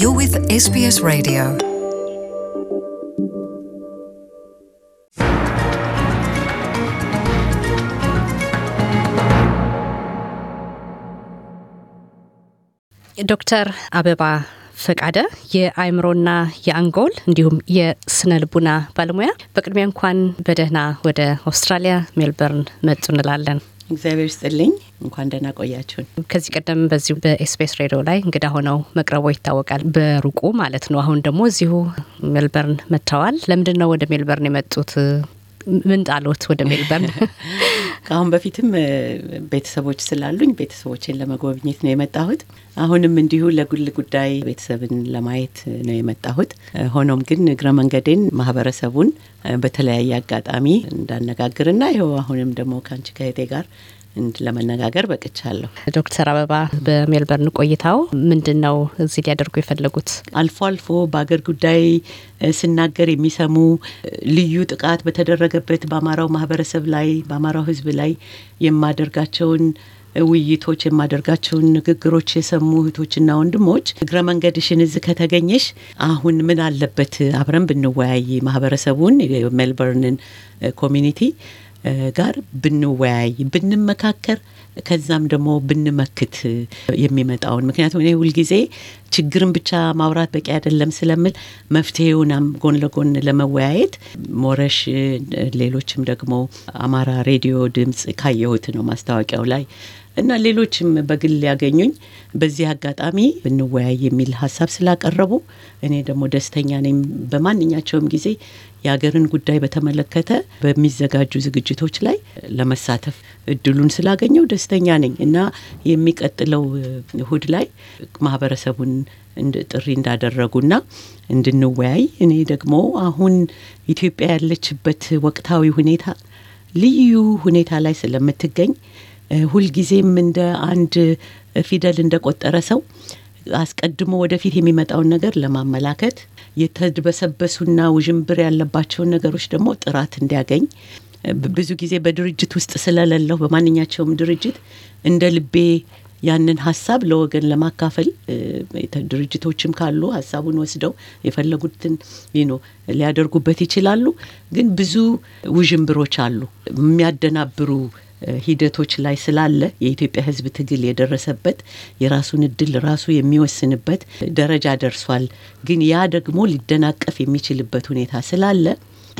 You're with SBS Radio. ዶክተር አበባ ፈቃደ የአእምሮና የአንጎል እንዲሁም የስነ ልቡና ባለሙያ፣ በቅድሚያ እንኳን በደህና ወደ አውስትራሊያ ሜልበርን መጡ እንላለን። እግዚአብሔር ስጥልኝ። እንኳን ደህና ቆያችሁን። ከዚህ ቀደም በዚሁ በኤስፔስ ሬዲዮ ላይ እንግዳ ሆነው መቅረቦ ይታወቃል፣ በሩቁ ማለት ነው። አሁን ደግሞ እዚሁ ሜልበርን መጥተዋል። ለምንድን ነው ወደ ሜልበርን የመጡት? ምን ጣሎት ወደ ሜልበርን? ከአሁን በፊትም ቤተሰቦች ስላሉኝ ቤተሰቦችን ለመጎብኘት ነው የመጣሁት። አሁንም እንዲሁ ለግል ጉዳይ ቤተሰብን ለማየት ነው የመጣሁት። ሆኖም ግን እግረ መንገዴን ማህበረሰቡን በተለያየ አጋጣሚ እንዳነጋግርና ይኸው አሁንም ደግሞ ከአንቺ ከእህቴ ጋር ለመነጋገር በቅቻለሁ። ዶክተር አበባ በሜልበርን ቆይታው ምንድን ነው እዚህ ሊያደርጉ የፈለጉት? አልፎ አልፎ በአገር ጉዳይ ስናገር የሚሰሙ ልዩ ጥቃት በተደረገበት በአማራው ማህበረሰብ ላይ በአማራው ህዝብ ላይ የማደርጋቸውን ውይይቶች የማደርጋቸውን ንግግሮች የሰሙ እህቶችና ወንድሞች እግረ መንገድሽን እዚህ ከተገኘሽ አሁን ምን አለበት አብረን ብንወያይ ማህበረሰቡን የሜልበርንን ኮሚኒቲ ጋር ብንወያይ ብንመካከር ከዛም ደግሞ ብንመክት የሚመጣውን ምክንያቱም እኔ ሁልጊዜ ችግርን ብቻ ማውራት በቂ አይደለም ስለምል መፍትሄውንም ጎን ለጎን ለመወያየት ሞረሽ፣ ሌሎችም ደግሞ አማራ ሬዲዮ ድምፅ ካየሁት ነው ማስታወቂያው ላይ እና ሌሎችም በግል ሊያገኙኝ በዚህ አጋጣሚ ብንወያይ የሚል ሀሳብ ስላቀረቡ እኔ ደግሞ ደስተኛ ነኝ። በማንኛቸውም ጊዜ የሀገርን ጉዳይ በተመለከተ በሚዘጋጁ ዝግጅቶች ላይ ለመሳተፍ እድሉን ስላገኘው ደስተኛ ነኝ እና የሚቀጥለው እሁድ ላይ ማህበረሰቡን ጥሪ እንዳደረጉና እንድንወያይ እኔ ደግሞ አሁን ኢትዮጵያ ያለችበት ወቅታዊ ሁኔታ ልዩ ሁኔታ ላይ ስለምትገኝ ሁልጊዜም እንደ አንድ ፊደል እንደቆጠረ ሰው አስቀድሞ ወደፊት የሚመጣውን ነገር ለማመላከት የተድበሰበሱና ውዥንብር ያለባቸውን ነገሮች ደግሞ ጥራት እንዲያገኝ ብዙ ጊዜ በድርጅት ውስጥ ስለሌለሁ በማንኛቸውም ድርጅት እንደ ልቤ ያንን ሀሳብ ለወገን ለማካፈል ድርጅቶችም ካሉ ሀሳቡን ወስደው የፈለጉትን ይኖ ሊያደርጉበት ይችላሉ። ግን ብዙ ውዥንብሮች አሉ የሚያደናብሩ ሂደቶች ላይ ስላለ የኢትዮጵያ ሕዝብ ትግል የደረሰበት የራሱን እድል ራሱ የሚወስንበት ደረጃ ደርሷል። ግን ያ ደግሞ ሊደናቀፍ የሚችልበት ሁኔታ ስላለ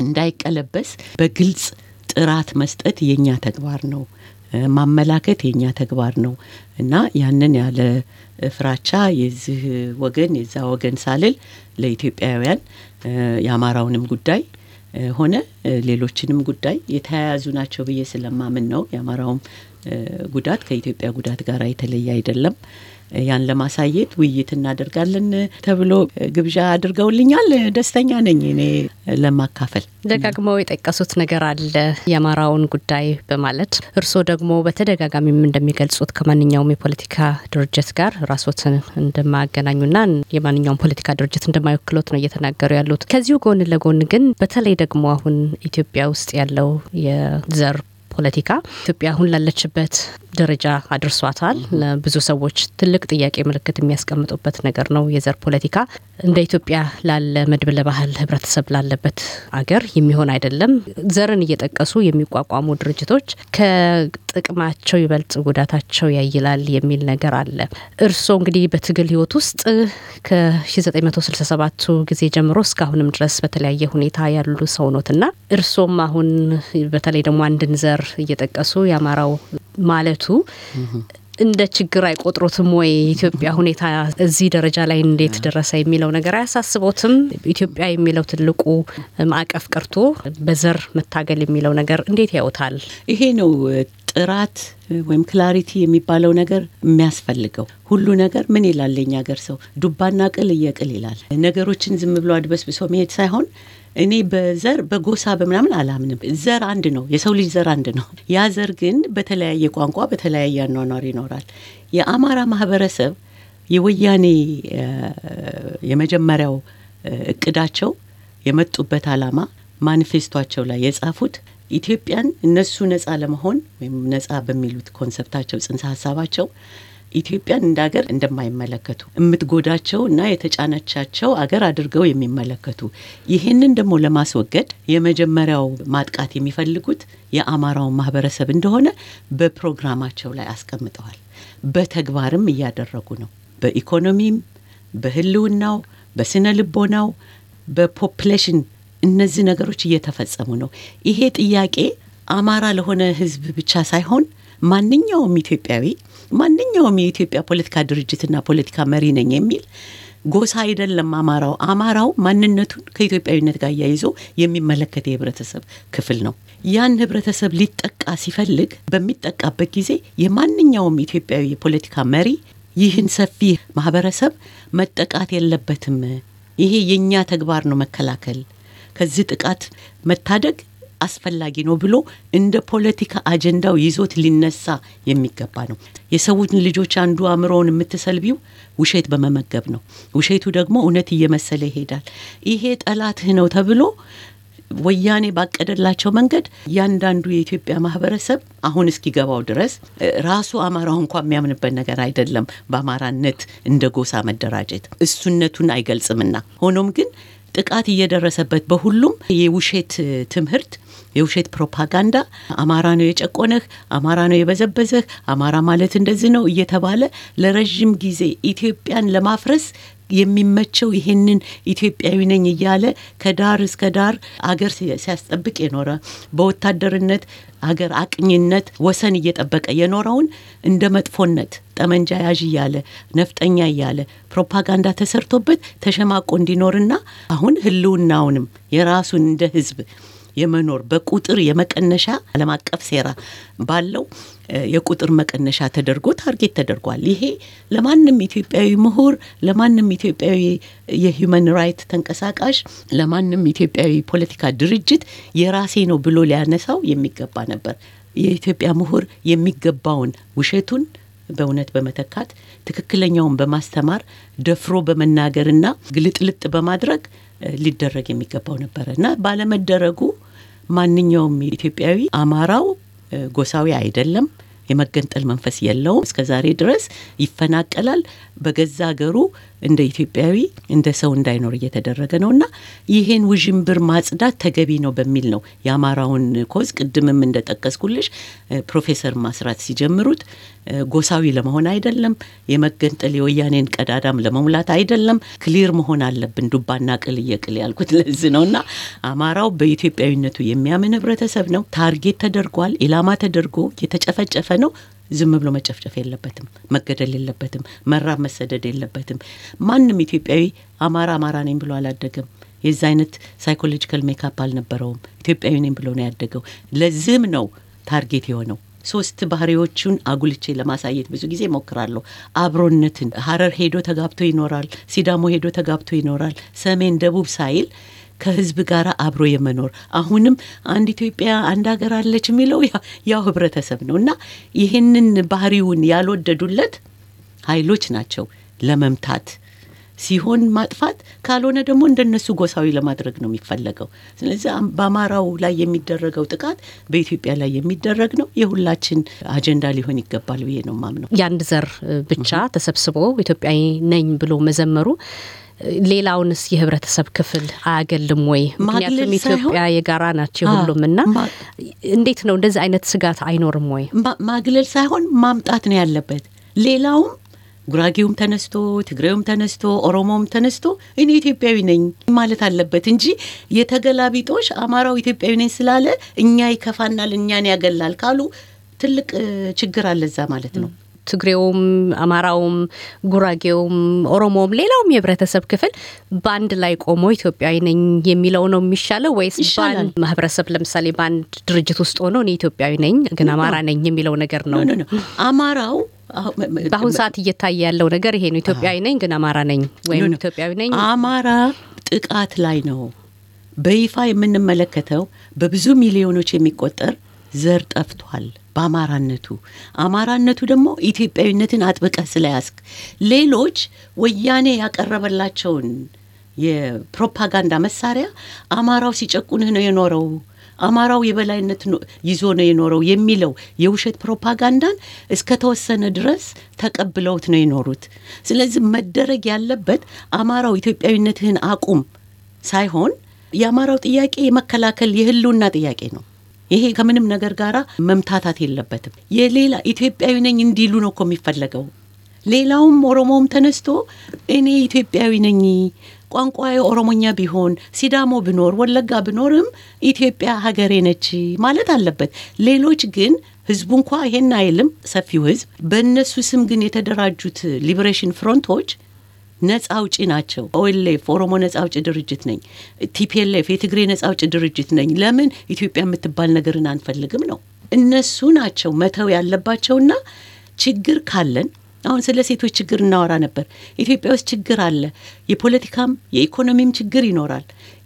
እንዳይቀለበስ በግልጽ ጥራት መስጠት የእኛ ተግባር ነው፣ ማመላከት የእኛ ተግባር ነው እና ያንን ያለ ፍራቻ የዚህ ወገን የዛ ወገን ሳልል ለኢትዮጵያውያን የአማራውንም ጉዳይ ሆነ ሌሎችንም ጉዳይ የተያያዙ ናቸው ብዬ ስለማምን ነው የአማራውም ጉዳት ከኢትዮጵያ ጉዳት ጋር የተለየ አይደለም። ያን ለማሳየት ውይይት እናደርጋለን ተብሎ ግብዣ አድርገውልኛል። ደስተኛ ነኝ እኔ ለማካፈል። ደጋግመው የጠቀሱት ነገር አለ የአማራውን ጉዳይ በማለት እርስዎ ደግሞ በተደጋጋሚም እንደሚገልጹት ከማንኛውም የፖለቲካ ድርጅት ጋር ራስዎትን እንደማያገናኙና የማንኛውም ፖለቲካ ድርጅት እንደማይወክሎት ነው እየተናገሩ ያሉት። ከዚሁ ጎን ለጎን ግን በተለይ ደግሞ አሁን ኢትዮጵያ ውስጥ ያለው የዘር ፖለቲካ ኢትዮጵያ አሁን ላለችበት ደረጃ አድርሷታል። ብዙ ሰዎች ትልቅ ጥያቄ ምልክት የሚያስቀምጡበት ነገር ነው የዘር ፖለቲካ። እንደ ኢትዮጵያ ላለ መድብለ ባህል ህብረተሰብ ላለበት አገር የሚሆን አይደለም። ዘርን እየጠቀሱ የሚቋቋሙ ድርጅቶች ከጥቅማቸው ይበልጥ ጉዳታቸው ያይላል የሚል ነገር አለ። እርስዎ እንግዲህ በትግል ህይወት ውስጥ ከ1967ቱ ጊዜ ጀምሮ እስካሁንም ድረስ በተለያየ ሁኔታ ያሉ ሰው ኖትና እርስዎም አሁን በተለይ ደግሞ አንድን ዘር እየጠቀሱ የአማራው ማለቱ እንደ ችግር አይቆጥሮትም ወይ? የኢትዮጵያ ሁኔታ እዚህ ደረጃ ላይ እንዴት ደረሰ የሚለው ነገር አያሳስቦትም? ኢትዮጵያ የሚለው ትልቁ ማዕቀፍ ቀርቶ በዘር መታገል የሚለው ነገር እንዴት ያውታል? ይሄ ነው ጥራት ወይም ክላሪቲ የሚባለው ነገር የሚያስፈልገው። ሁሉ ነገር ምን ይላል የኛ ሀገር ሰው ዱባና ቅል እየቅል ይላል። ነገሮችን ዝም ብሎ አድበስብሶ መሄድ ሳይሆን እኔ በዘር በጎሳ በምናምን አላምንም። ዘር አንድ ነው። የሰው ልጅ ዘር አንድ ነው። ያ ዘር ግን በተለያየ ቋንቋ በተለያየ አኗኗር ይኖራል። የአማራ ማህበረሰብ የወያኔ የመጀመሪያው እቅዳቸው የመጡበት አላማ ማኒፌስቷቸው ላይ የጻፉት ኢትዮጵያን እነሱ ነጻ ለመሆን ወይም ነጻ በሚሉት ኮንሰፕታቸው ጽንሰ ሀሳባቸው ኢትዮጵያን እንደ ሀገር እንደማይመለከቱ የምትጎዳቸው እና የተጫነቻቸው አገር አድርገው የሚመለከቱ ይህንን ደግሞ ለማስወገድ የመጀመሪያው ማጥቃት የሚፈልጉት የአማራውን ማህበረሰብ እንደሆነ በፕሮግራማቸው ላይ አስቀምጠዋል። በተግባርም እያደረጉ ነው። በኢኮኖሚም፣ በህልውናው፣ በስነ ልቦናው፣ በፖፕሌሽን እነዚህ ነገሮች እየተፈጸሙ ነው። ይሄ ጥያቄ አማራ ለሆነ ህዝብ ብቻ ሳይሆን ማንኛውም ኢትዮጵያዊ ማንኛውም የኢትዮጵያ ፖለቲካ ድርጅትና ፖለቲካ መሪ ነኝ የሚል ጎሳ አይደለም። አማራው አማራው ማንነቱን ከኢትዮጵያዊነት ጋር እያይዞ የሚመለከት የህብረተሰብ ክፍል ነው። ያን ህብረተሰብ ሊጠቃ ሲፈልግ በሚጠቃበት ጊዜ የማንኛውም ኢትዮጵያዊ የፖለቲካ መሪ ይህን ሰፊ ማህበረሰብ መጠቃት የለበትም፣ ይሄ የእኛ ተግባር ነው መከላከል፣ ከዚህ ጥቃት መታደግ አስፈላጊ ነው ብሎ እንደ ፖለቲካ አጀንዳው ይዞት ሊነሳ የሚገባ ነው። የሰውን ልጆች አንዱ አእምሮውን የምትሰልቢው ውሸት በመመገብ ነው። ውሸቱ ደግሞ እውነት እየመሰለ ይሄዳል። ይሄ ጠላትህ ነው ተብሎ ወያኔ ባቀደላቸው መንገድ እያንዳንዱ የኢትዮጵያ ማህበረሰብ አሁን እስኪገባው ድረስ ራሱ አማራው እንኳ የሚያምንበት ነገር አይደለም። በአማራነት እንደ ጎሳ መደራጀት እሱነቱን አይገልጽምና ሆኖም ግን ጥቃት እየደረሰበት በሁሉም የውሸት ትምህርት የውሸት ፕሮፓጋንዳ አማራ ነው የጨቆነህ፣ አማራ ነው የበዘበዘህ፣ አማራ ማለት እንደዚህ ነው እየተባለ ለረዥም ጊዜ ኢትዮጵያን ለማፍረስ የሚመቸው ይህንን ኢትዮጵያዊ ነኝ እያለ ከዳር እስከ ዳር አገር ሲያስጠብቅ የኖረ በወታደርነት ሀገር አቅኝነት ወሰን እየጠበቀ የኖረውን እንደ መጥፎነት ጠመንጃ ያዥ እያለ ነፍጠኛ እያለ ፕሮፓጋንዳ ተሰርቶበት ተሸማቆ እንዲኖርና አሁን ህልውናውንም የራሱን እንደ ህዝብ የመኖር በቁጥር የመቀነሻ ዓለም አቀፍ ሴራ ባለው የቁጥር መቀነሻ ተደርጎ ታርጌት ተደርጓል። ይሄ ለማንም ኢትዮጵያዊ ምሁር፣ ለማንም ኢትዮጵያዊ የሂውማን ራይት ተንቀሳቃሽ፣ ለማንም ኢትዮጵያዊ ፖለቲካ ድርጅት የራሴ ነው ብሎ ሊያነሳው የሚገባ ነበር። የኢትዮጵያ ምሁር የሚገባውን ውሸቱን በእውነት በመተካት ትክክለኛውን በማስተማር ደፍሮ በመናገርና ግልጥልጥ በማድረግ ሊደረግ የሚገባው ነበረ እና ባለመደረጉ ማንኛውም ኢትዮጵያዊ አማራው ጎሳዊ አይደለም። የመገንጠል መንፈስ የለውም። እስከ ዛሬ ድረስ ይፈናቀላል። በገዛ ሀገሩ እንደ ኢትዮጵያዊ እንደ ሰው እንዳይኖር እየተደረገ ነው እና ይሄን ውዥንብር ማጽዳት ተገቢ ነው በሚል ነው የአማራውን ኮዝ ቅድምም እንደጠቀስኩልሽ ፕሮፌሰር ማስራት ሲጀምሩት ጎሳዊ ለመሆን አይደለም፣ የመገንጠል የወያኔን ቀዳዳም ለመሙላት አይደለም፣ ክሊር መሆን አለብን። ዱባና ቅል እየቅል ያልኩት ለዚህ ነው እና አማራው በኢትዮጵያዊነቱ የሚያምን ህብረተሰብ ነው። ታርጌት ተደርጓል፣ ኢላማ ተደርጎ የተጨፈጨፈ ነው። ዝም ብሎ መጨፍጨፍ የለበትም፣ መገደል የለበትም፣ መራብ መሰደድ የለበትም። ማንም ኢትዮጵያዊ አማራ አማራ ነኝ ብሎ አላደገም። የዚ አይነት ሳይኮሎጂካል ሜካፕ አልነበረውም። ኢትዮጵያዊ ነኝ ብሎ ነው ያደገው። ለዚህም ነው ታርጌት የሆነው። ሶስት ባህሪዎቹን አጉልቼ ለማሳየት ብዙ ጊዜ ሞክራለሁ። አብሮነትን ሀረር ሄዶ ተጋብቶ ይኖራል፣ ሲዳሞ ሄዶ ተጋብቶ ይኖራል፣ ሰሜን ደቡብ ሳይል ከህዝብ ጋር አብሮ የመኖር አሁንም አንድ ኢትዮጵያ አንድ ሀገር አለች የሚለው ያው ህብረተሰብ ነው እና ይህንን ባህሪውን ያልወደዱለት ኃይሎች ናቸው ለመምታት ሲሆን ማጥፋት ካልሆነ ደግሞ እንደነሱ ጎሳዊ ለማድረግ ነው የሚፈለገው። ስለዚህ በአማራው ላይ የሚደረገው ጥቃት በኢትዮጵያ ላይ የሚደረግ ነው፣ የሁላችን አጀንዳ ሊሆን ይገባል ብዬ ነው ማምነው። የአንድ ዘር ብቻ ተሰብስቦ ኢትዮጵያዊ ነኝ ብሎ መዘመሩ ሌላውንስ የህብረተሰብ ክፍል አያገልም ወይ? ምክንያቱም ኢትዮጵያ የጋራ ናቸው ሁሉም እና እንዴት ነው እንደዚህ አይነት ስጋት አይኖርም ወይ? ማግለል ሳይሆን ማምጣት ነው ያለበት። ሌላውም ጉራጌውም ተነስቶ ትግሬውም ተነስቶ ኦሮሞውም ተነስቶ እኔ ኢትዮጵያዊ ነኝ ማለት አለበት እንጂ የተገላቢጦሽ አማራው ኢትዮጵያዊ ነኝ ስላለ እኛ ይከፋናል፣ እኛን ያገላል ካሉ ትልቅ ችግር አለዛ ማለት ነው። ትግሬውም፣ አማራውም፣ ጉራጌውም፣ ኦሮሞውም ሌላውም የህብረተሰብ ክፍል በአንድ ላይ ቆሞ ኢትዮጵያዊ ነኝ የሚለው ነው የሚሻለው ወይስ በአንድ ማህበረሰብ ለምሳሌ በአንድ ድርጅት ውስጥ ሆኖ እኔ ኢትዮጵያዊ ነኝ ግን አማራ ነኝ የሚለው ነገር ነው? አማራው በአሁን ሰዓት እየታየ ያለው ነገር ይሄ ነው። ኢትዮጵያዊ ነኝ ግን አማራ ነኝ ወይም ኢትዮጵያዊ ነኝ አማራ ጥቃት ላይ ነው በይፋ የምንመለከተው። በብዙ ሚሊዮኖች የሚቆጠር ዘር ጠፍቷል። በአማራነቱ አማራነቱ ደግሞ ኢትዮጵያዊነትን አጥብቀ ስለያዝክ ሌሎች ወያኔ ያቀረበላቸውን የፕሮፓጋንዳ መሳሪያ አማራው ሲጨቁንህ ነው የኖረው አማራው የበላይነት ይዞ ነው የኖረው የሚለው የውሸት ፕሮፓጋንዳን እስከ ተወሰነ ድረስ ተቀብለውት ነው የኖሩት። ስለዚህ መደረግ ያለበት አማራው ኢትዮጵያዊነትህን አቁም ሳይሆን የአማራው ጥያቄ የመከላከል የህልውና ጥያቄ ነው። ይሄ ከምንም ነገር ጋራ መምታታት የለበትም። የሌላ ኢትዮጵያዊ ነኝ እንዲሉ ነው እኮ የሚፈለገው። ሌላውም ኦሮሞውም ተነስቶ እኔ ኢትዮጵያዊ ነኝ ቋንቋ ኦሮሞኛ ቢሆን ሲዳሞ ብኖር ወለጋ ብኖርም ኢትዮጵያ ሀገሬ ነች ማለት አለበት። ሌሎች ግን ህዝቡ እንኳ ይሄን አይልም፣ ሰፊው ህዝብ። በእነሱ ስም ግን የተደራጁት ሊበሬሽን ፍሮንቶች ነጻ አውጪ ናቸው። ኦኤልኤፍ ኦሮሞ ነጻ አውጪ ድርጅት ነኝ፣ ቲፒኤልኤፍ የትግሬ ነጻ አውጪ ድርጅት ነኝ። ለምን ኢትዮጵያ የምትባል ነገርን አንፈልግም ነው። እነሱ ናቸው መተው ያለባቸውና ችግር ካለን አሁን ስለ ሴቶች ችግር እናወራ ነበር። ኢትዮጵያ ውስጥ ችግር አለ። የፖለቲካም የኢኮኖሚም ችግር ይኖራል።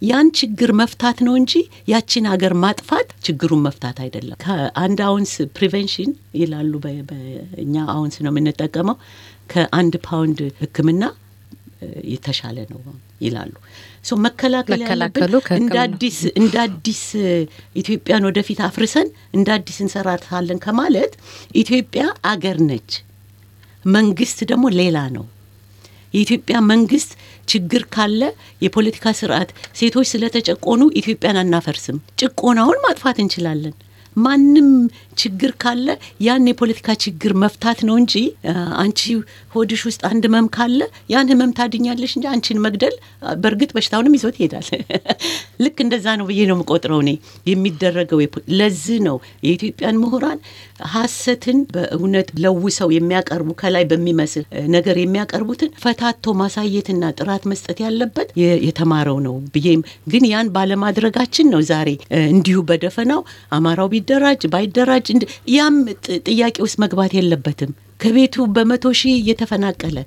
ያን ችግር መፍታት ነው እንጂ ያችን ሀገር ማጥፋት ችግሩን መፍታት አይደለም። ከአንድ አውንስ ፕሪቨንሽን ይላሉ በእኛ አውንስ ነው የምንጠቀመው ከአንድ ፓውንድ ሕክምና የተሻለ ነው ይላሉ። መከላከል ያለብን እንደ አዲስ ኢትዮጵያን ወደፊት አፍርሰን እንደ አዲስ እንሰራታለን ከማለት ኢትዮጵያ አገር ነች፣ መንግስት ደግሞ ሌላ ነው። የኢትዮጵያ መንግስት ችግር ካለ የፖለቲካ ስርዓት፣ ሴቶች ስለተጨቆኑ ኢትዮጵያን አናፈርስም። ጭቆናውን ማጥፋት እንችላለን። ማንም ችግር ካለ ያን የፖለቲካ ችግር መፍታት ነው እንጂ አንቺ ሆድሽ ውስጥ አንድ ህመም ካለ ያን ህመም ታድኛለሽ እንጂ አንቺን መግደል፣ በእርግጥ በሽታውንም ይዞት ይሄዳል። ልክ እንደዛ ነው ብዬ ነው የምቆጥረው እኔ የሚደረገው። ለዚህ ነው የኢትዮጵያን ምሁራን ሀሰትን በእውነት ለውሰው የሚያቀርቡ ከላይ በሚመስል ነገር የሚያቀርቡትን ፈታቶ ማሳየትና ጥራት መስጠት ያለበት የተማረው ነው ብዬም ግን ያን ባለማድረጋችን ነው ዛሬ እንዲሁ በደፈናው አማራው ቢደራጅ ባይደራጅ ያም ጥያቄ ውስጥ መግባት የለበትም። ከቤቱ በመቶ ሺህ እየተፈናቀለ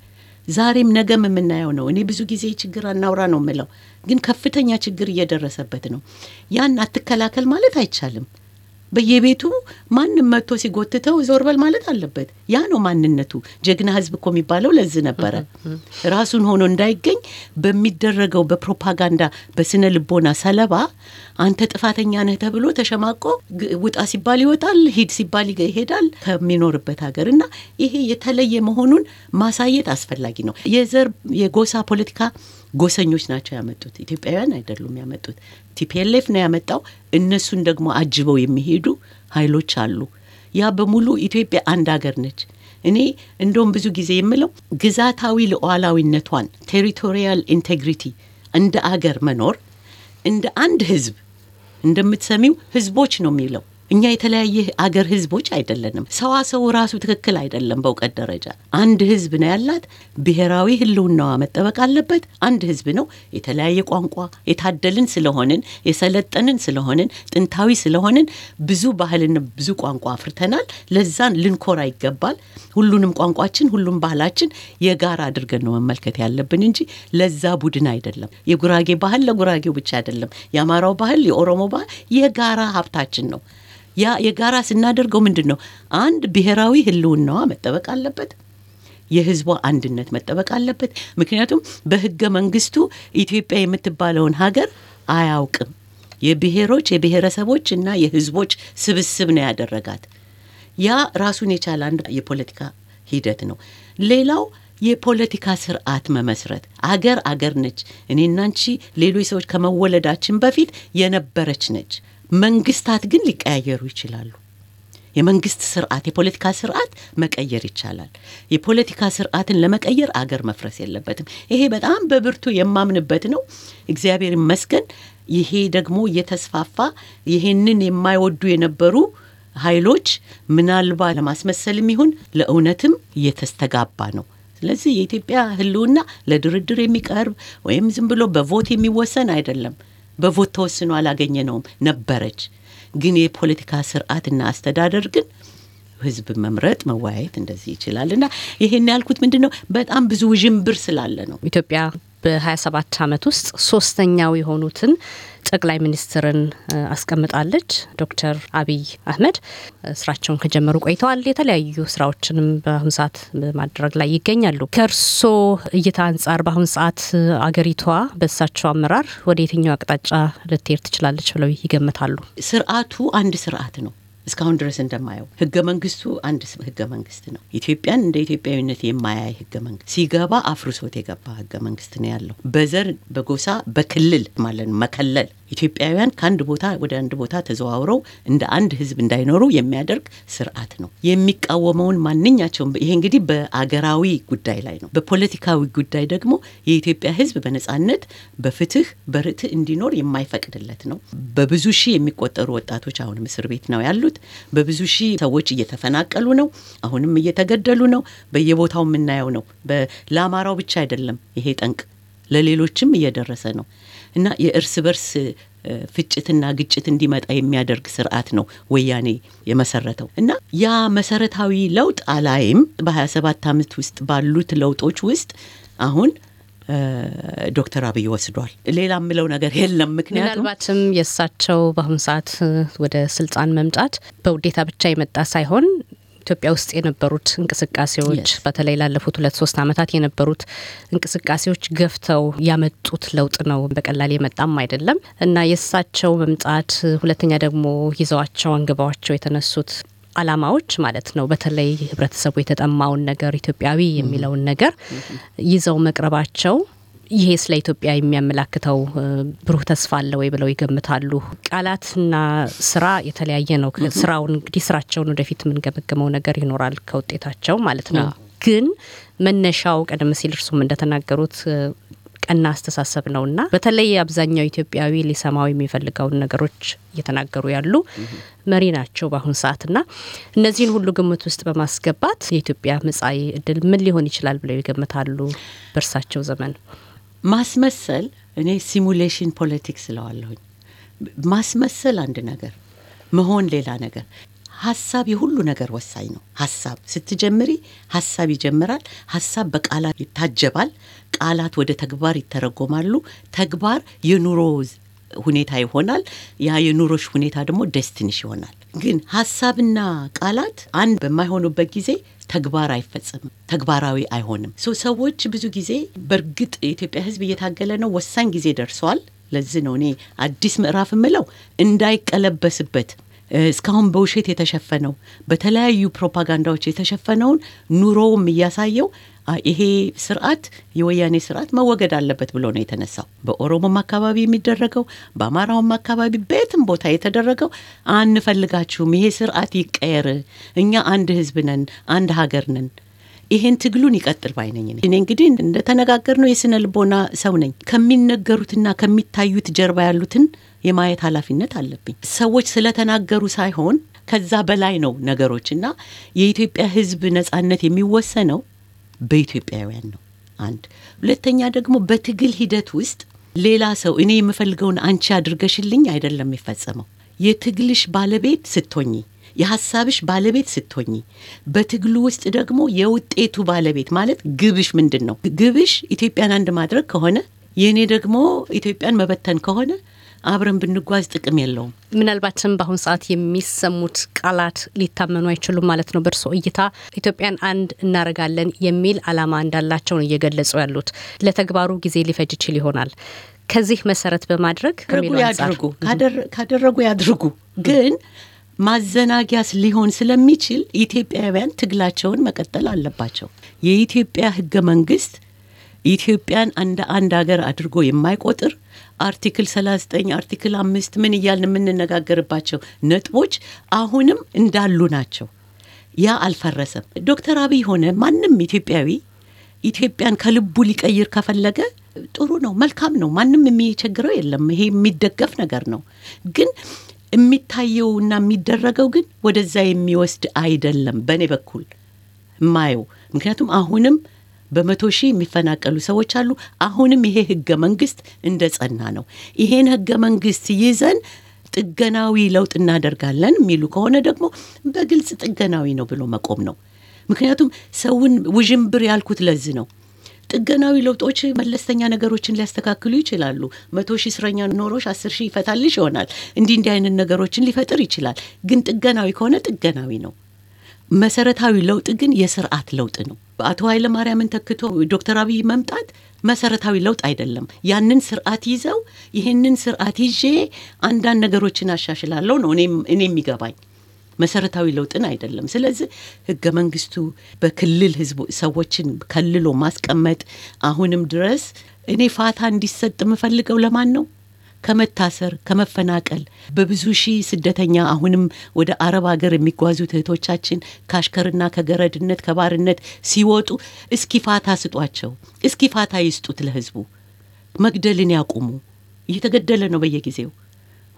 ዛሬም ነገም የምናየው ነው። እኔ ብዙ ጊዜ ችግር አናውራ ነው የምለው፣ ግን ከፍተኛ ችግር እየደረሰበት ነው። ያን አትከላከል ማለት አይቻልም። በየቤቱ ማንም መጥቶ ሲጎትተው ዞር በል ማለት አለበት። ያ ነው ማንነቱ። ጀግና ህዝብ እኮ የሚባለው ለዚህ ነበረ። ራሱን ሆኖ እንዳይገኝ በሚደረገው በፕሮፓጋንዳ በስነ ልቦና ሰለባ አንተ ጥፋተኛ ነህ ተብሎ ተሸማቆ ውጣ ሲባል ይወጣል፣ ሂድ ሲባል ይሄዳል ከሚኖርበት ሀገር እና ይሄ የተለየ መሆኑን ማሳየት አስፈላጊ ነው። የዘር የጎሳ ፖለቲካ ጎሰኞች ናቸው ያመጡት፣ ኢትዮጵያውያን አይደሉም ያመጡት። ቲፒኤልኤፍ ነው ያመጣው። እነሱን ደግሞ አጅበው የሚሄዱ ኃይሎች አሉ። ያ በሙሉ ኢትዮጵያ አንድ ሀገር ነች። እኔ እንደውም ብዙ ጊዜ የምለው ግዛታዊ ሉዓላዊነቷን ቴሪቶሪያል ኢንቴግሪቲ እንደ አገር መኖር እንደ አንድ ህዝብ እንደምትሰሚው ህዝቦች ነው የሚለው እኛ የተለያየ አገር ህዝቦች አይደለንም። ሰዋሰው ራሱ ትክክል አይደለም። በእውቀት ደረጃ አንድ ህዝብ ነው ያላት። ብሔራዊ ህልውናዋ መጠበቅ አለበት። አንድ ህዝብ ነው። የተለያየ ቋንቋ የታደልን ስለሆንን የሰለጠንን ስለሆንን ጥንታዊ ስለሆንን ብዙ ባህልን ብዙ ቋንቋ አፍርተናል። ለዛን ልንኮራ ይገባል። ሁሉንም ቋንቋችን፣ ሁሉም ባህላችን የጋራ አድርገን ነው መመልከት ያለብን እንጂ ለዛ ቡድን አይደለም። የጉራጌ ባህል ለጉራጌው ብቻ አይደለም። የአማራው ባህል፣ የኦሮሞ ባህል የጋራ ሀብታችን ነው። ያ የጋራ ስናደርገው ምንድን ነው? አንድ ብሔራዊ ህልውናዋ መጠበቅ አለበት። የህዝቧ አንድነት መጠበቅ አለበት። ምክንያቱም በህገ መንግስቱ ኢትዮጵያ የምትባለውን ሀገር አያውቅም። የብሔሮች የብሔረሰቦች እና የህዝቦች ስብስብ ነው ያደረጋት። ያ ራሱን የቻለ አንድ የፖለቲካ ሂደት ነው። ሌላው የፖለቲካ ስርዓት መመስረት። አገር አገር ነች። እኔ ሌሎች ሰዎች ከመወለዳችን በፊት የነበረች ነች። መንግስታት ግን ሊቀያየሩ ይችላሉ። የመንግስት ስርዓት የፖለቲካ ስርዓት መቀየር ይቻላል። የፖለቲካ ስርዓትን ለመቀየር አገር መፍረስ የለበትም። ይሄ በጣም በብርቱ የማምንበት ነው። እግዚአብሔር ይመስገን። ይሄ ደግሞ እየተስፋፋ ይሄንን የማይወዱ የነበሩ ኃይሎች ምናልባት ለማስመሰልም ይሁን ለእውነትም እየተስተጋባ ነው። ስለዚህ የኢትዮጵያ ሕልውና ለድርድር የሚቀርብ ወይም ዝም ብሎ በቮት የሚወሰን አይደለም። በቮት ተወስኖ ነውም ነበረች። ግን የፖለቲካ ስርዓትና አስተዳደር ግን ህዝብ መምረጥ መወያየት እንደዚህ ይችላል እና ይሄን ያልኩት ምንድን ነው በጣም ብዙ ውዥንብር ስላለ ነው ኢትዮጵያ በ27 ዓመት ውስጥ ሶስተኛው የሆኑትን ጠቅላይ ሚኒስትርን አስቀምጣለች። ዶክተር አብይ አህመድ ስራቸውን ከጀመሩ ቆይተዋል። የተለያዩ ስራዎችንም በአሁኑ ሰዓት በማድረግ ላይ ይገኛሉ። ከእርሶ እይታ አንጻር በአሁኑ ሰዓት አገሪቷ በእሳቸው አመራር ወደ የትኛው አቅጣጫ ልትሄድ ትችላለች ብለው ይገምታሉ? ስርዓቱ አንድ ስርዓት ነው እስካሁን ድረስ እንደማየው ህገ መንግስቱ አንድ ህገ መንግስት ነው። ኢትዮጵያን እንደ ኢትዮጵያዊነት የማያይ ህገ መንግስት ሲገባ አፍርሶት የገባ ህገ መንግስት ነው ያለው። በዘር በጎሳ በክልል ማለት መከለል ኢትዮጵያውያን ከአንድ ቦታ ወደ አንድ ቦታ ተዘዋውረው እንደ አንድ ህዝብ እንዳይኖሩ የሚያደርግ ስርዓት ነው። የሚቃወመውን ማንኛቸውም ይሄ እንግዲህ በአገራዊ ጉዳይ ላይ ነው። በፖለቲካዊ ጉዳይ ደግሞ የኢትዮጵያ ህዝብ በነጻነት በፍትህ በርትዕ እንዲኖር የማይፈቅድለት ነው። በብዙ ሺህ የሚቆጠሩ ወጣቶች አሁንም እስር ቤት ነው ያሉት። ያሉት። በብዙ ሺህ ሰዎች እየተፈናቀሉ ነው። አሁንም እየተገደሉ ነው። በየቦታው የምናየው ነው። ለአማራው ብቻ አይደለም ይሄ ጠንቅ፣ ለሌሎችም እየደረሰ ነው እና የእርስ በርስ ፍጭትና ግጭት እንዲመጣ የሚያደርግ ስርዓት ነው ወያኔ የመሰረተው እና ያ መሰረታዊ ለውጥ አላይም በ27 ዓመት ውስጥ ባሉት ለውጦች ውስጥ አሁን ዶክተር አብይ ወስዷል። ሌላ የምለው ነገር የለም። ምክንያቱም ምናልባትም የእሳቸው በአሁኑ ሰዓት ወደ ስልጣን መምጣት በውዴታ ብቻ የመጣ ሳይሆን ኢትዮጵያ ውስጥ የነበሩት እንቅስቃሴዎች በተለይ ላለፉት ሁለት ሶስት ዓመታት የነበሩት እንቅስቃሴዎች ገፍተው ያመጡት ለውጥ ነው። በቀላል የመጣም አይደለም እና የእሳቸው መምጣት ሁለተኛ ደግሞ ይዘዋቸው አንግባዋቸው የተነሱት አላማዎች ማለት ነው። በተለይ ህብረተሰቡ የተጠማውን ነገር ኢትዮጵያዊ የሚለውን ነገር ይዘው መቅረባቸው ይሄ ስለ ኢትዮጵያ የሚያመላክተው ብሩህ ተስፋ አለ ወይ ብለው ይገምታሉ? ቃላትና ስራ የተለያየ ነው። ስራውን እንግዲህ ስራቸውን ወደፊት የምንገመገመው ነገር ይኖራል ከውጤታቸው ማለት ነው። ግን መነሻው ቀደም ሲል እርሱም እንደተናገሩት ቀና አስተሳሰብ እና በተለይ አብዛኛው ኢትዮጵያዊ ሊሰማው የሚፈልገውን ነገሮች እየተናገሩ ያሉ መሪ ናቸው በአሁኑ ና እነዚህን ሁሉ ግምት ውስጥ በማስገባት የኢትዮጵያ መጻኢ እድል ምን ሊሆን ይችላል ብለው ይገምታሉ? በእርሳቸው ዘመን ማስመሰል እኔ ሲሙሌሽን ፖለቲክስ ስለዋለሁኝ ማስመሰል አንድ ነገር መሆን ሌላ ነገር ሀሳብ የሁሉ ነገር ወሳኝ ነው። ሀሳብ ስትጀምሪ ሀሳብ ይጀምራል። ሀሳብ በቃላት ይታጀባል። ቃላት ወደ ተግባር ይተረጎማሉ። ተግባር የኑሮ ሁኔታ ይሆናል። ያ የኑሮሽ ሁኔታ ደግሞ ደስትንሽ ይሆናል። ግን ሀሳብና ቃላት አንድ በማይሆኑበት ጊዜ ተግባር አይፈጸምም፣ ተግባራዊ አይሆንም። ሰዎች ብዙ ጊዜ በእርግጥ የኢትዮጵያ ሕዝብ እየታገለ ነው። ወሳኝ ጊዜ ደርሰዋል። ለዚህ ነው እኔ አዲስ ምዕራፍ የምለው እንዳይቀለበስበት እስካሁን በውሸት የተሸፈነው በተለያዩ ፕሮፓጋንዳዎች የተሸፈነውን ኑሮውም እያሳየው ይሄ ስርዓት የወያኔ ስርዓት መወገድ አለበት ብሎ ነው የተነሳው። በኦሮሞም አካባቢ የሚደረገው በአማራውም አካባቢ በየትም ቦታ የተደረገው አንፈልጋችሁም፣ ይሄ ስርዓት ይቀየር፣ እኛ አንድ ህዝብ ነን፣ አንድ ሀገር ነን ይሄን ትግሉን ይቀጥል ባይነኝ እኔ እንግዲህ እንደተነጋገር ነው የስነ ልቦና ሰው ነኝ። ከሚነገሩትና ከሚታዩት ጀርባ ያሉትን የማየት ኃላፊነት አለብኝ። ሰዎች ስለተናገሩ ሳይሆን ከዛ በላይ ነው ነገሮች እና የኢትዮጵያ ሕዝብ ነጻነት የሚወሰነው በኢትዮጵያውያን ነው። አንድ ሁለተኛ ደግሞ በትግል ሂደት ውስጥ ሌላ ሰው እኔ የምፈልገውን አንቺ አድርገሽልኝ አይደለም የሚፈጸመው። የትግልሽ ባለቤት ስቶኝ የሀሳብሽ ባለቤት ስቶኝ በትግሉ ውስጥ ደግሞ የውጤቱ ባለቤት ማለት ግብሽ ምንድን ነው? ግብሽ ኢትዮጵያን አንድ ማድረግ ከሆነ የእኔ ደግሞ ኢትዮጵያን መበተን ከሆነ አብረን ብንጓዝ ጥቅም የለውም። ምናልባትም በአሁኑ ሰዓት የሚሰሙት ቃላት ሊታመኑ አይችሉም ማለት ነው። በእርስዎ እይታ ኢትዮጵያን አንድ እናደርጋለን የሚል አላማ እንዳላቸው ነው እየገለጹ ያሉት። ለተግባሩ ጊዜ ሊፈጅ ይችል ይሆናል። ከዚህ መሰረት በማድረግ ያድርጉ ካደረጉ ያድርጉ ግን ማዘናጊያስ ሊሆን ስለሚችል ኢትዮጵያውያን ትግላቸውን መቀጠል አለባቸው። የኢትዮጵያ ህገ መንግስት ኢትዮጵያን እንደ አንድ ሀገር አድርጎ የማይቆጥር አርቲክል 39 አርቲክል አምስት ምን እያልን የምንነጋገርባቸው ነጥቦች አሁንም እንዳሉ ናቸው። ያ አልፈረሰም። ዶክተር አብይ ሆነ ማንም ኢትዮጵያዊ ኢትዮጵያን ከልቡ ሊቀይር ከፈለገ ጥሩ ነው፣ መልካም ነው። ማንም የሚቸግረው የለም። ይሄ የሚደገፍ ነገር ነው። ግን የሚታየውና የሚደረገው ግን ወደዛ የሚወስድ አይደለም። በእኔ በኩል ማየው ምክንያቱም አሁንም በመቶ ሺህ የሚፈናቀሉ ሰዎች አሉ። አሁንም ይሄ ህገ መንግስት እንደ ጸና ነው። ይሄን ህገ መንግስት ይዘን ጥገናዊ ለውጥ እናደርጋለን የሚሉ ከሆነ ደግሞ በግልጽ ጥገናዊ ነው ብሎ መቆም ነው። ምክንያቱም ሰውን ውዥንብር ያልኩት ለዚህ ነው። ጥገናዊ ለውጦች መለስተኛ ነገሮችን ሊያስተካክሉ ይችላሉ። መቶ ሺህ እስረኛ ኖሮች አስር ሺህ ይፈታልሽ ይሆናል። እንዲህ እንዲህ አይነት ነገሮችን ሊፈጥር ይችላል። ግን ጥገናዊ ከሆነ ጥገናዊ ነው። መሰረታዊ ለውጥ ግን የስርዓት ለውጥ ነው። በአቶ ኃይለ ማርያምን ተክቶ ዶክተር አብይ መምጣት መሰረታዊ ለውጥ አይደለም። ያንን ስርዓት ይዘው ይህንን ስርዓት ይዤ አንዳንድ ነገሮችን አሻሽላለሁ ነው እኔ የሚገባኝ መሰረታዊ ለውጥን አይደለም። ስለዚህ ህገ መንግስቱ በክልል ህዝቡ ሰዎችን ከልሎ ማስቀመጥ አሁንም ድረስ እኔ ፋታ እንዲሰጥ የምፈልገው ለማን ነው? ከመታሰር፣ ከመፈናቀል በብዙ ሺህ ስደተኛ አሁንም ወደ አረብ ሀገር የሚጓዙት እህቶቻችን ከአሽከርና ከገረድነት ከባርነት ሲወጡ እስኪ ፋታ ስጧቸው፣ እስኪ ፋታ ይስጡት ለህዝቡ። መግደልን ያቁሙ። እየተገደለ ነው በየጊዜው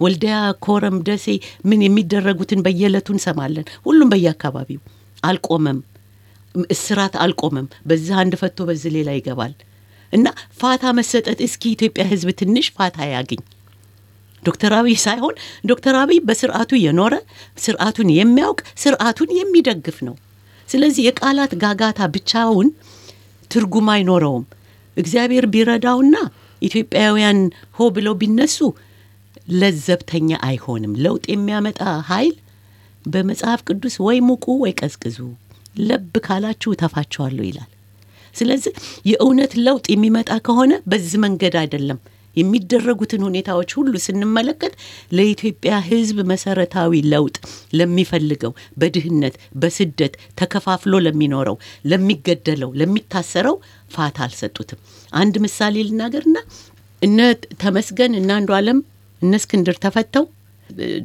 ወልዲያ፣ ኮረም፣ ደሴ ምን የሚደረጉትን በየዕለቱ እንሰማለን። ሁሉም በየአካባቢው አልቆመም። እስራት አልቆመም። በዚህ አንድ ፈቶ በዚህ ሌላ ይገባል እና ፋታ መሰጠት እስኪ ኢትዮጵያ ህዝብ ትንሽ ፋታ ያግኝ። ዶክተር አብይ ሳይሆን ዶክተር አብይ በስርዓቱ የኖረ ስርዓቱን የሚያውቅ ስርዓቱን የሚደግፍ ነው። ስለዚህ የቃላት ጋጋታ ብቻውን ትርጉም አይኖረውም። እግዚአብሔር ቢረዳውና ኢትዮጵያውያን ሆ ብለው ቢነሱ ለዘብተኛ አይሆንም። ለውጥ የሚያመጣ ኃይል በመጽሐፍ ቅዱስ ወይ ሙቁ ወይ ቀዝቅዙ፣ ለብ ካላችሁ ተፋቸዋለሁ ይላል። ስለዚህ የእውነት ለውጥ የሚመጣ ከሆነ በዚህ መንገድ አይደለም። የሚደረጉትን ሁኔታዎች ሁሉ ስንመለከት ለኢትዮጵያ ሕዝብ መሰረታዊ ለውጥ ለሚፈልገው በድህነት በስደት ተከፋፍሎ ለሚኖረው፣ ለሚገደለው፣ ለሚታሰረው ፋታ አልሰጡትም። አንድ ምሳሌ ልናገርና እነ ተመስገን እነ አንዱ አለም እነ እስክንድር ተፈተው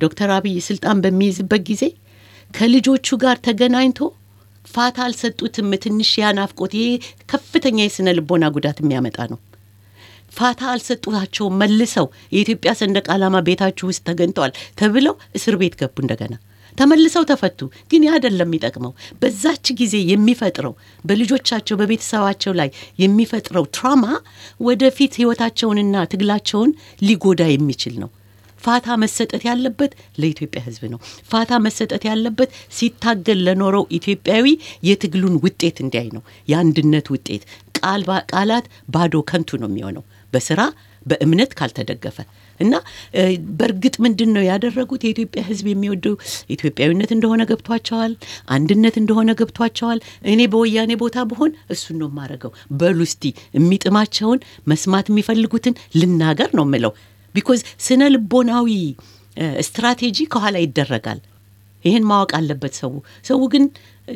ዶክተር አብይ ስልጣን በሚይዝበት ጊዜ ከልጆቹ ጋር ተገናኝቶ ፋታ አልሰጡትም። ትንሽ ያናፍቆት ይሄ ከፍተኛ የስነ ልቦና ጉዳት የሚያመጣ ነው። ፋታ አልሰጡታቸውም። መልሰው የኢትዮጵያ ሰንደቅ ዓላማ ቤታችሁ ውስጥ ተገኝተዋል ተብለው እስር ቤት ገቡ። እንደገና ተመልሰው ተፈቱ። ግን ያ አይደለም የሚጠቅመው። በዛች ጊዜ የሚፈጥረው በልጆቻቸው በቤተሰባቸው ላይ የሚፈጥረው ትራማ ወደፊት ህይወታቸውንና ትግላቸውን ሊጎዳ የሚችል ነው። ፋታ መሰጠት ያለበት ለኢትዮጵያ ህዝብ ነው። ፋታ መሰጠት ያለበት ሲታገል ለኖረው ኢትዮጵያዊ የትግሉን ውጤት እንዲያይ ነው። የአንድነት ውጤት ቃላት ባዶ ከንቱ ነው የሚሆነው። በስራ በእምነት ካልተደገፈ እና በእርግጥ ምንድን ነው ያደረጉት? የኢትዮጵያ ሕዝብ የሚወደው ኢትዮጵያዊነት እንደሆነ ገብቷቸዋል፣ አንድነት እንደሆነ ገብቷቸዋል። እኔ በወያኔ ቦታ ብሆን እሱን ነው የማደርገው በሉ እስቲ የሚጥማቸውን መስማት የሚፈልጉትን ልናገር ነው የምለው። ቢኮዝ ስነ ልቦናዊ ስትራቴጂ ከኋላ ይደረጋል። ይህን ማወቅ አለበት ሰው። ሰው ግን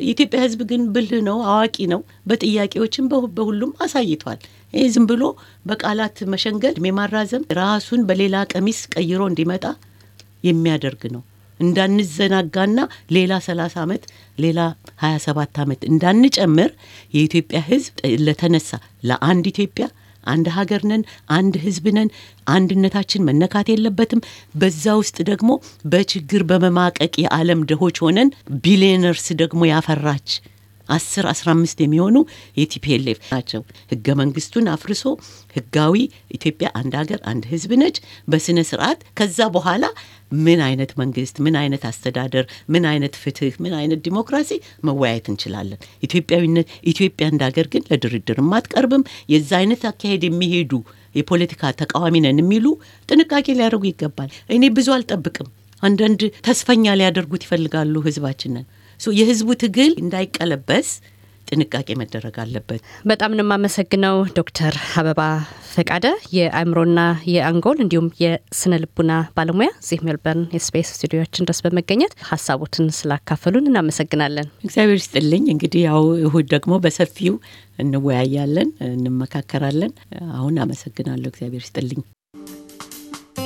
የኢትዮጵያ ሕዝብ ግን ብልህ ነው፣ አዋቂ ነው። በጥያቄዎችም በሁሉም አሳይቷል። ይህ ዝም ብሎ በቃላት መሸንገል ማራዘም ራሱን በሌላ ቀሚስ ቀይሮ እንዲመጣ የሚያደርግ ነው። እንዳንዘናጋና ሌላ 30 ዓመት ሌላ 27 ዓመት እንዳንጨምር የኢትዮጵያ ህዝብ ለተነሳ ለአንድ ኢትዮጵያ አንድ ሀገር ነን፣ አንድ ህዝብ ነን፣ አንድነታችን መነካት የለበትም። በዛ ውስጥ ደግሞ በችግር በመማቀቅ የዓለም ደሆች ሆነን ቢሊዮነርስ ደግሞ ያፈራች አስር አስራ አምስት የሚሆኑ የቲፒኤልኤፍ ናቸው። ህገ መንግስቱን አፍርሶ ህጋዊ ኢትዮጵያ አንድ ሀገር አንድ ህዝብ ነች በስነ ስርዓት ከዛ በኋላ ምን አይነት መንግስት፣ ምን አይነት አስተዳደር፣ ምን አይነት ፍትህ፣ ምን አይነት ዲሞክራሲ መወያየት እንችላለን። ኢትዮጵያዊነት ኢትዮጵያ እንደ ሀገር ግን ለድርድር አትቀርብም። የዛ አይነት አካሄድ የሚሄዱ የፖለቲካ ተቃዋሚ ነን የሚሉ ጥንቃቄ ሊያደርጉ ይገባል። እኔ ብዙ አልጠብቅም። አንዳንድ ተስፈኛ ሊያደርጉት ይፈልጋሉ ህዝባችንን። የህዝቡ ትግል እንዳይቀለበስ ጥንቃቄ መደረግ አለበት። በጣም ነው የማመሰግነው ዶክተር አበባ ፈቃደ የአእምሮና የአንጎል እንዲሁም የስነ ልቡና ባለሙያ እዚህ ሜልበርን የስፔስ ስቱዲዮችን ድረስ በመገኘት ሀሳቦትን ስላካፈሉን እናመሰግናለን። እግዚአብሔር ይስጥልኝ። እንግዲህ ያው እሁድ ደግሞ በሰፊው እንወያያለን፣ እንመካከራለን። አሁን አመሰግናለሁ። እግዚአብሔር ይስጥልኝ።